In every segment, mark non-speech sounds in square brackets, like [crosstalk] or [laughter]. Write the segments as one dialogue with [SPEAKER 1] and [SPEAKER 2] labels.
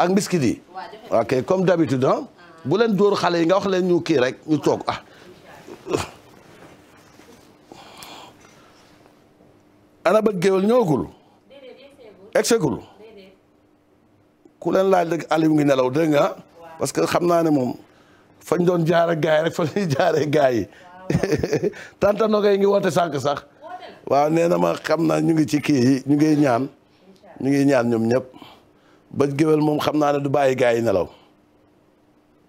[SPEAKER 1] ak mbiskit yi ok comme d'habitude ah. ah bu leen dóor xale yi nga wax leen ñu kii rek ñu toog ah ana ba géwél ñëwagul egsegul ku leen laaj rek Aliou ngi nelaw dégg nga parce que xam naa ne moom fañ doon jaare gaay yi rek fa ñuy jaaree gaay yi [laughs] tanta nogay ngi woote sànq sax waaw nee na ma xam naa ñu ngi ci kii yi ñu ngi ñaan ñu ngi ñaan ñoom ñëpp ba géwél moom xam naa ne du bàyyi gars yi nelaw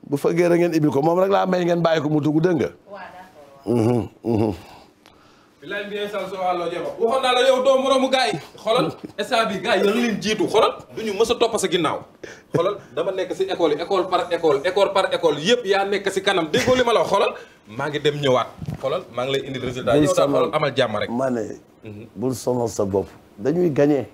[SPEAKER 1] bu fëggee a ngeen ibil ko moom rek laa may ngeen bàyyi ko mu dugg dégg nga.
[SPEAKER 2] bilaay mbiye sal so àlloo jeba waxoon naa la yow doo moroomu gars yi xoolal instant bi gars yi yéen leen jiitu xoolal du ñu mës a sa ginnaaw xoolal dama nekk si école yi école par école école par école yëpp yaa nekk si kanam déggoo li ma la xoolal maa ngi dem ñëwaat xoolal maa ngi lay indi résultat yow daal xoolal amal jàmm rek maa ne
[SPEAKER 1] mhm. bul sonal sa bopp dañuy gagner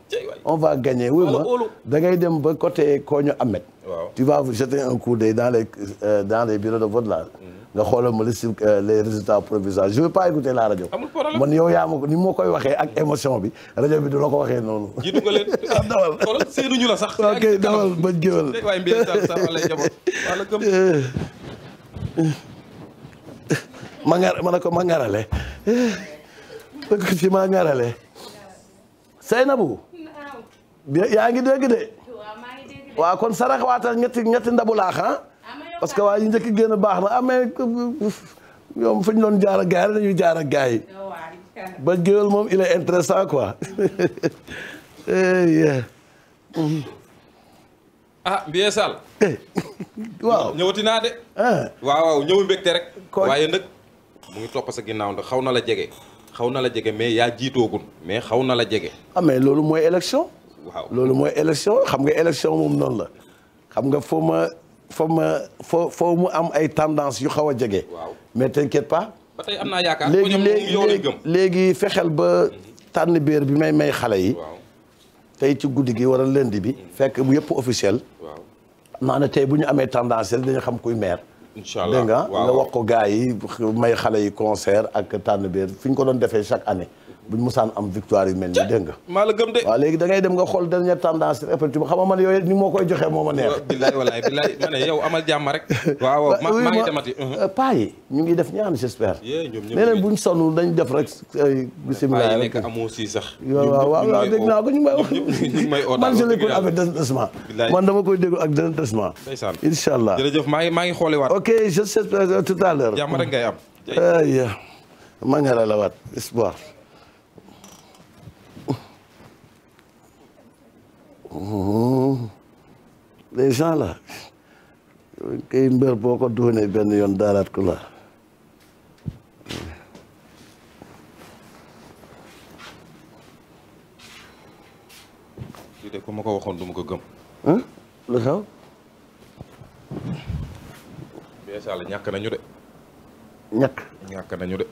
[SPEAKER 1] on va gagner oui ma da ngay dem ba côté kooñu Ahmed waaw tu vas jeter un coup d'œil dans les euh, dans les de vote là mhm. nga xoolal ma euh, les résultats provisoires je veux pas écouter la rajo. amul problème yow yaa ko ni ma koy waxee ak émotion bi rajo bi du la waxee noonu. jiitu nga leen [laughs] ah, dawal xoolal ma nga [laughs] [laughs] ma ne ko ma ngarale. dëgg ci ma ngarale. Seynabou. yaa ngi dégg de. kon sarax waatal ñetti ñetti ndabu ah? parce que waa yi njëkk génn baax na amee ah, ñoom fu ñu doon jaar ak gars yi jaar ak gars yi ba géwél moom il est intéressant quoi [laughs] eh,
[SPEAKER 2] ah Mbiye Sall eh. waaw ñëwati naa de ah. waaw waaw ñëw mbégte rek waaye nag mu ngi topp sa ginnaaw ndax xaw na la jege xaw na la jege mais yaa jiitoogul mais xaw na la jege
[SPEAKER 1] amee ah, loolu mooy élection waaw loolu mooy élection xam nga élection moom noonu la xam nga foo fa ma foo foo mu am ay tendance yu xaw a jege. mais t'inquiète pas.
[SPEAKER 2] ba tey am naa yaakaar léegi
[SPEAKER 1] léegi fexeel ba tànn biir bi may may xale yi. tey ci guddi gi wala lundi bi. Mm. fekk bu yëpp officiel. waaw naa tey bu ñu amee tendance yi dañu xam kuy maire. incha allah dégg nga nga wax ko gars yi may xale yi concert ak tànn fi ñu ko doon defee chaque année. buñ musaan
[SPEAKER 2] am victoire yu mel nii dégg nga.
[SPEAKER 1] maa la gëm de. waaw léegi da ngay dem nga xool dernière tendance sur Apple TV xam nga man yooyu ni moo koy joxee moo ma neex.
[SPEAKER 2] bilaay walaay bilaay ma ne yow amal jàmm rek. [laughs] waaw waaw ma maa ngi demati. Uh-huh. Euh,
[SPEAKER 1] paa yi ñu ngi def ñaan j'espère. yee ñoom ñoom nee nañ buñ sonn dañ def rek. bisimilah rek nekk
[SPEAKER 2] amoo si sax. waaw waaw waaw dégg naa ko ñu may. ñu may ootal [laughs] man je l'écoute avec
[SPEAKER 1] détachement. man dama koy déglu ak détachement. ndeysaan incha allah
[SPEAKER 2] jërëjëf maa ngi maa ngi xoolewaat. ok je sais euh, tout à l'heure. jàmm rek ngay am.
[SPEAKER 1] maa ngi la waat espoir les gens là mbër boo ko doonee benn yoon daaraat ku
[SPEAKER 2] la lii de ku ma ko waxoon duma ko gëm lu xew bee sall ñàkk nañu de ñàkk ñàkk nañu de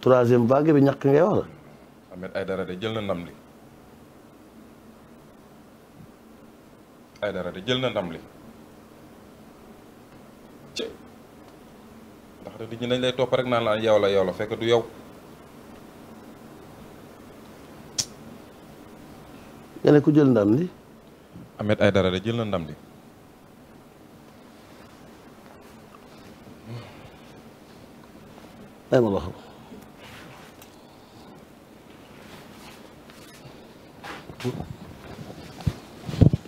[SPEAKER 1] troisième vague bi ñàkk ngay wax
[SPEAKER 2] la ay dara de jël na ndam li ndax nit ñi dañ lay topp rek naa la yow la yaw la fekk du yow. nga ku jël ndam li. Ahmed Aïdara de jël na ndam li. ay ma la xam. Thank you.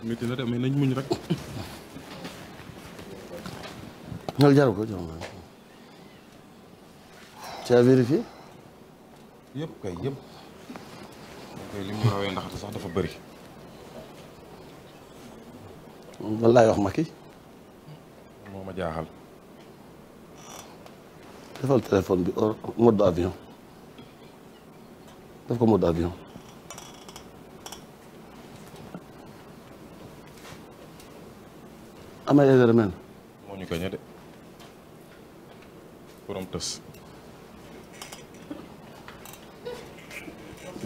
[SPEAKER 2] métti na de mais nañ muñ rek.
[SPEAKER 1] loolu jaru ko jox ma. tu as vérifié. yëpp kay
[SPEAKER 2] yëpp. kay li mu rawee ndaxte sax dafa bëri. lan laay wax Macky. moo ma jaaxal.
[SPEAKER 1] defal téléphone bi or mode avion def ko mode avion. Ama Aidara mel. moo ñu
[SPEAKER 2] gañe de borom tës.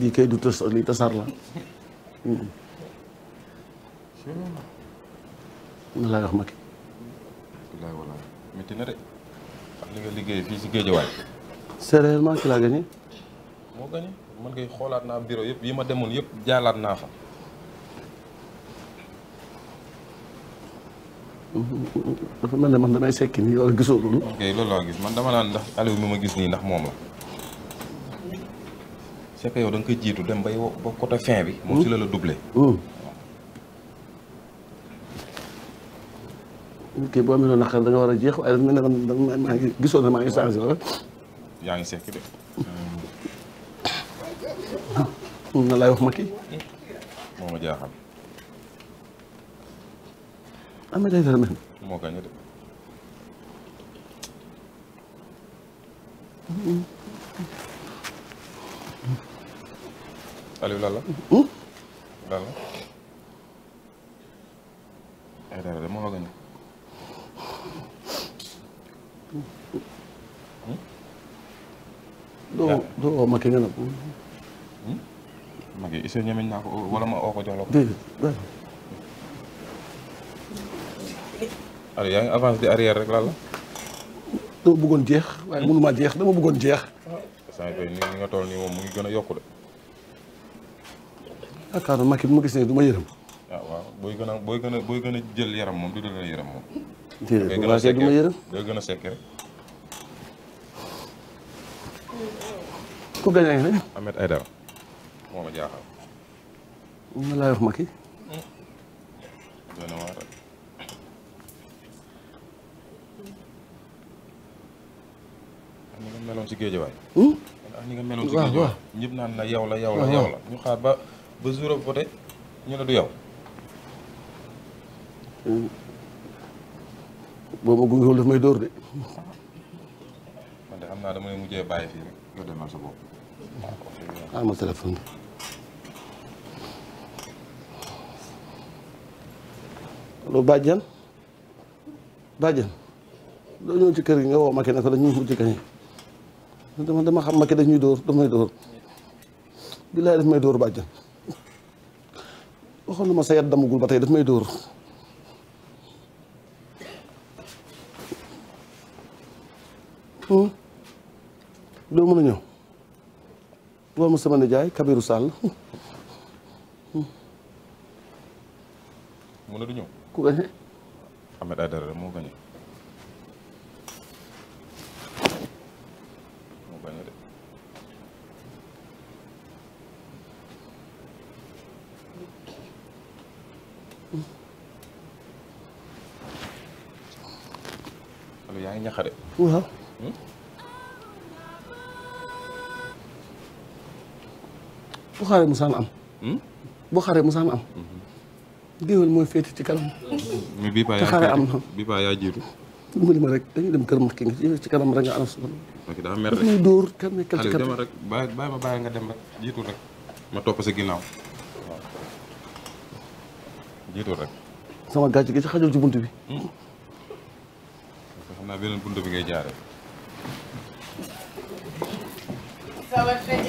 [SPEAKER 1] lii kay du tës lii tasaar la. Hmm. na laay wax ma ki. walaay walaay
[SPEAKER 2] métti de. xam li nga liggéey fii si géejawaay.
[SPEAKER 1] c'est réellement ki laa gagné.
[SPEAKER 2] moo gagné man kay xoolaat naa bureau yëpp yi ma demoon yëpp jaalaat naa fa.
[SPEAKER 1] dafa mel ne man damay sekki nii yow gisoo loolu. ok
[SPEAKER 2] loolu laa gis man dama naan ndax Aliou mi ma gis nii ndax moom la. c'est yow da koy jiitu dem bay ba côté fin bi. moom si la la doublé.
[SPEAKER 1] Hmm. Hmm. Hmm. boo amee noonu war a jeex waaye dafa mel maa gisoo na maa ngi changé
[SPEAKER 2] yaa ngi sekki de. na laay wax ma kii. moo ma jaaxal. Ahmed Aïdara même. moo gagné de. Aliou lan la. Hmm? lan eh, de moo gagné. Hmm? doo doo woo Macky nga nag. Hmm? Macky isa ñemeñ naa ko wala ma oo ko jox alors yaa ngi avance di arrière rek laa la. dama bëggoon jeex waaye mënuma jeex dama bëggoon jeex. waaw ni nga toll nii moom mu ngi gën a yokku de.
[SPEAKER 1] yaakaar naa Macky bu gis ne du yërëm.
[SPEAKER 2] waaw ah, waaw booy gën a booy gën a booy gën a jël yaram moom du dul la yërëm moom. gën a sekk rek. ku gañ rek. Ahmed ni nga meloon si géejawaay. ah ni nga meloon si géejawaay. ñëpp naan la yow la yow la yow la ñu xaar ba ba jour voté ñu ne du yow. Hm. xam naa dama lay mujjee bàyyi fii ah,
[SPEAKER 1] ñëw ci kër gi nga woo ma kenn ku ne ñu ngi ci kañ. dama dama xam Macky daf ñuy dóor daf may dóor billaay daf may dóor bàjj waxoon na ma sa yat damagul ba tey daf may dóor hmm? doo mën a ñëw woo ma sama nijaay Kabirou Sall mu ne du ñëw ku gañe
[SPEAKER 2] Ahmed Aïdara gañe yaa ngi ñaxare. waaw. Hmm?
[SPEAKER 1] bu xaaree musaan am. Hmm? boo xaaree musaan am. Hmm. géwél mooy féete ci kanam.
[SPEAKER 2] mais bii paa am na bii jiitu.
[SPEAKER 1] dimbali ma rek dañuy dem kër Macky nga ci kanam rek
[SPEAKER 2] nga ana suba. ok daa mer ma bàyyi nga dem rek jiitu rek. ma topp sa ginnaaw. waaw jiitu rek. sama
[SPEAKER 1] gàcce gi ci xajul ci
[SPEAKER 2] naa beneen bunt bi ngay jaare